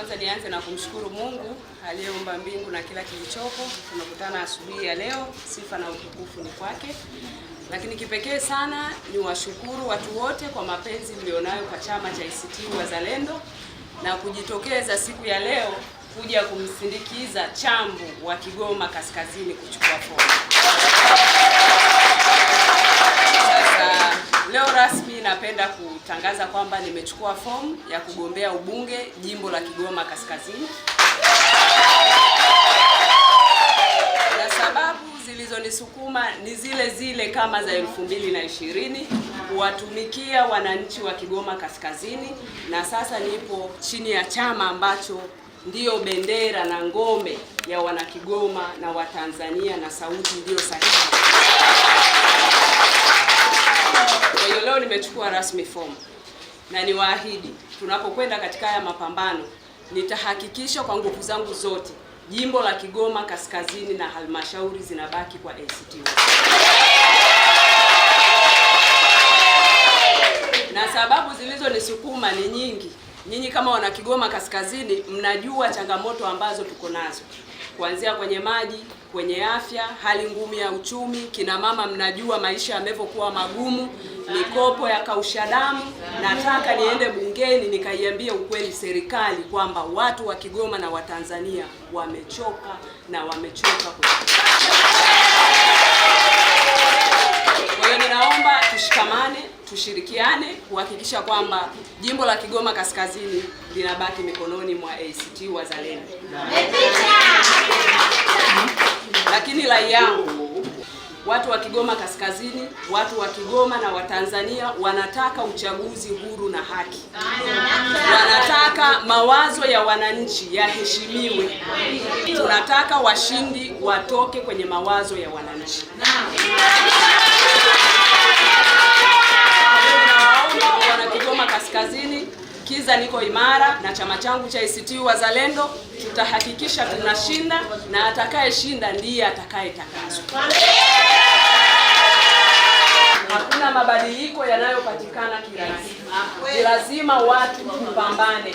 kwanza nianze na kumshukuru Mungu aliyeumba mbingu na kila kilichopo. Tunakutana asubuhi ya leo, sifa na utukufu ni kwake. Lakini kipekee sana ni washukuru watu wote kwa mapenzi mlionayo kwa chama cha ACT Wazalendo na kujitokeza siku ya leo kuja kumsindikiza chambu wa Kigoma Kaskazini kuchukua fomu. napenda kutangaza kwamba nimechukua fomu ya kugombea ubunge jimbo la Kigoma Kaskazini. Na sababu zilizonisukuma ni zile zile kama za elfu mbili na ishirini kuwatumikia wananchi wa Kigoma Kaskazini, na sasa nipo chini ya chama ambacho ndiyo bendera na ngome ya wanakigoma na Watanzania na sauti ndiyo sahihi nimechukua rasmi fomu na niwaahidi, tunapokwenda katika haya mapambano, nitahakikisha kwa nguvu zangu zote jimbo la Kigoma Kaskazini na halmashauri zinabaki kwa ACT na sababu zilizonisukuma ni nyingi. Nyinyi kama wana Kigoma Kaskazini mnajua changamoto ambazo tuko nazo kuanzia kwenye maji, kwenye afya, hali ngumu ya uchumi. Kina mama, mnajua maisha yamevyokuwa magumu, mikopo ya kausha damu. Nataka niende bungeni nikaiambie ukweli serikali kwamba watu wa Kigoma na Watanzania wamechoka na wamechoka kwa tushirikiane kuhakikisha kwamba jimbo la Kigoma Kaskazini linabaki mikononi mwa ACT Wazalendo. Lakini rai yangu, watu wa Kigoma Kaskazini, watu wa Kigoma na Watanzania wanataka uchaguzi huru na haki, wanataka mawazo ya wananchi yaheshimiwe. Tunataka washindi watoke kwenye mawazo ya wananchi. iko imara na chama changu cha ACT Wazalendo tutahakikisha tunashinda, na atakayeshinda ndiye atakayetakazwa. Hakuna mabadiliko yanayopatikana kirahisi, lazima watu tupambane.